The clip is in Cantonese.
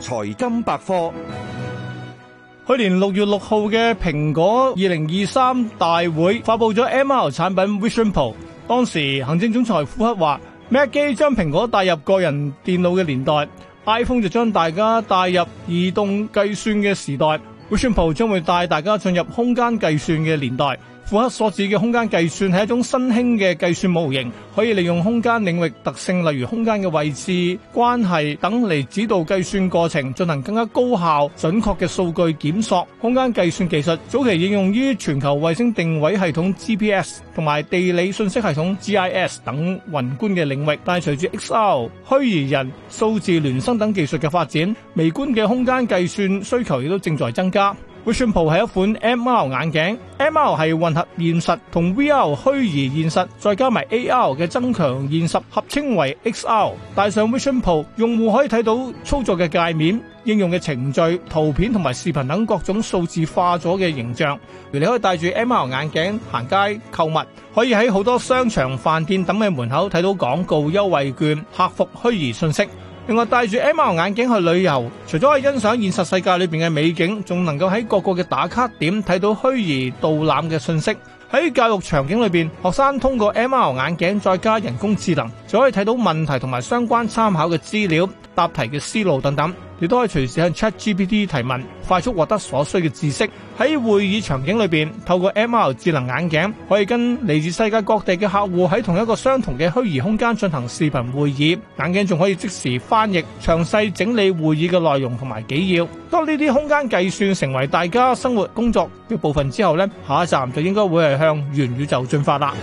財金百科，去年六月六號嘅蘋果二零二三大會發布咗 MR 產品 Vision Pro，當時行政總裁庫克話，Mac 機將蘋果帶入個人電腦嘅年代，iPhone 就將大家帶入移動計算嘅時代，Vision Pro 將會帶大家進入空間計算嘅年代。符合所指嘅空間計算係一種新興嘅計算模型，可以利用空間領域特性，例如空間嘅位置關係等嚟指導計算過程，進行更加高效準確嘅數據檢索。空間計算技術早期應用於全球衛星定位系統 GPS 同埋地理信息系統 GIS 等宏觀嘅領域，但隨住 XR 虛擬人、數字孿生等技術嘅發展，微觀嘅空間計算需求亦都正在增加。VisionPro 係一款 MR 眼鏡，MR 係混合現實同 VR 虛擬現實再加埋 AR 嘅增強現實合稱為 XR。戴上 VisionPro，用戶可以睇到操作嘅界面、應用嘅程序、圖片同埋視頻等各種數字化咗嘅形象。如你可以戴住 MR 眼鏡行街購物，可以喺好多商場、飯店等嘅門口睇到廣告、優惠券、客服虛擬信息。另外，戴住 MR 眼鏡去旅遊，除咗可以欣賞現實世界裏邊嘅美景，仲能夠喺各個嘅打卡點睇到虛擬導覽嘅信息。喺教育場景裏邊，學生通過 MR 眼鏡再加人工智能，就可以睇到問題同埋相關參考嘅資料、答題嘅思路等等。亦都可以隨時向 ChatGPT 提問，快速獲得所需嘅知識。喺會議場景裏邊，透過 MR 智能眼鏡，可以跟嚟自世界各地嘅客戶喺同一個相同嘅虛擬空間進行視頻會議。眼鏡仲可以即時翻譯、詳細整理會議嘅內容同埋紀要。當呢啲空間計算成為大家生活工作嘅部分之後呢，下一站就應該會係。向元宇宙進發啦！